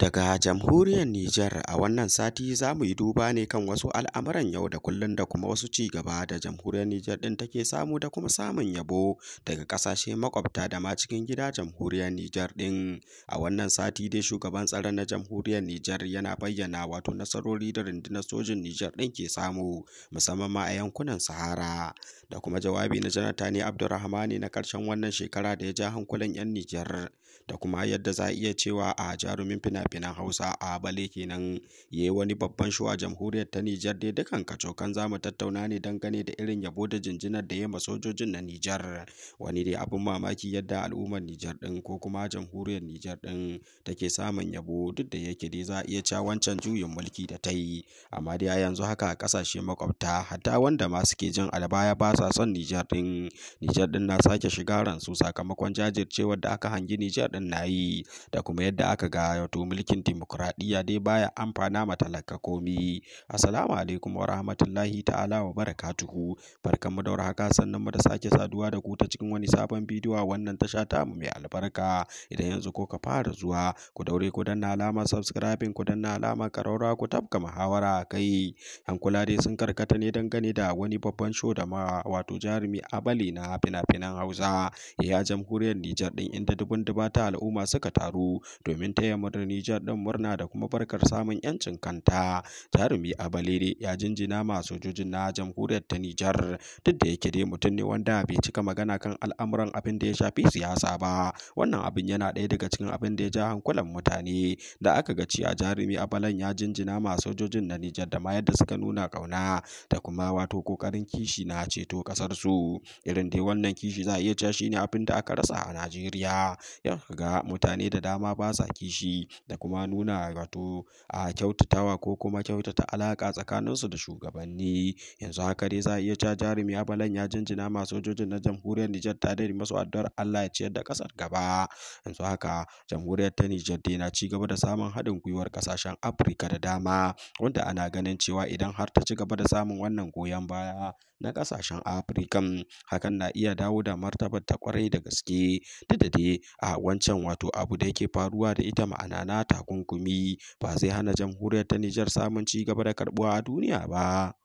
Daga jamhuriyar Nijar a wannan sati za mu yi duba ne kan wasu al'amuran yau da kullum da kuma wasu ci gaba da jamhuriyar Nijar ɗin take samu da kuma samun yabo daga ƙasashe makwabta da ma cikin gida jamhuriyar Nijar ɗin. A wannan sati dai shugaban tsaron na jamhuriyar Nijar yana bayyana wato nasarori da rundunar sojin Nijar ɗin ke samu musamman ma a yankunan Sahara da kuma jawabi na Abdulrahma Abdurrahmani na ƙarshen wannan shekara da ya ja hankulan 'yan Nijar da kuma yadda za a iya cewa a jarumin fina fina Hausa a Bale kenan yi wani babban shuwa a jamhuriyar ta Nijar dai dukan kacokan za mu tattauna ne dangane da irin yabo da jinjinar da ya ma sojojin na Nijar wani dai abin mamaki yadda al'ummar Nijar din ko kuma jamhuriyar Nijar din take samun yabo duk da yake dai za a iya cewa wancan juyin mulki da ta yi amma dai a yanzu haka kasashe makwabta hatta wanda ma suke jin albaya ba sa son Nijar din Nijar din na sake shiga ransu sakamakon jajircewar da aka hangi Nijar din na yi da kuma yadda aka ga wato mulkin dimokuraɗiyya dai baya amfana ma talaka komi. Assalamu alaikum wa rahmatullahi ta'ala wa barakatuhu. mu da haka sannan mu da sake saduwa da ku ta cikin wani sabon bidiyo a wannan tasha mu mai albarka. Idan yanzu ko ka fara zuwa ku daure ku danna alama subscribing ku danna alama karaura ku tafka muhawara kai. An kula dai sun karkata ne dangane da wani babban show da ma wato jarumi abali na fina-finan Hausa ya eh, jamhuriyar Nijar din inda dubun dubata al'umma suka taru domin taya murnar Nijar jihar ɗin murna da kuma barkar samun 'yancin kanta. Jarumi a balere ya jinjina ma sojojin na jamhuriyar ta Nijar duk da yake dai mutum ne wanda bai cika magana kan al'amuran abin da ya shafi siyasa ba. Wannan abin yana ɗaya daga cikin abin da ya ja hankulan mutane da aka ga cewa jarumi a balan ya jinjina ma sojojin na Nijar da ma yadda suka nuna ƙauna da kuma wato ƙoƙarin kishi na ceto ƙasar su. Irin dai wannan kishi za a iya cewa ne abin da aka rasa a Najeriya. Ya ga mutane da dama ba sa kishi da kuma nuna wato a kyautatawa ko kuma kyautata alaƙa tsakaninsu da shugabanni. Yanzu haka dai za a iya ca jarumi Abalan ya jinjina ma sojojin na jamhuriyar Nijar ta da masu addu'ar Allah ya ciyar da ƙasar gaba. Yanzu haka jamhuriyar ta Nijar dai na ci gaba da samun haɗin gwiwar ƙasashen Afirka da dama wanda ana ganin cewa idan har ta ci gaba da samun wannan goyon baya na ƙasashen Afirka hakan na iya dawo da martabar ta kwarai da gaske duk da dai a wancan wato abu da yake faruwa da ita ma'ana na takunkumi ba zai hana jamhuriyar ta Nijar samun ci gaba da karbuwa a duniya ba.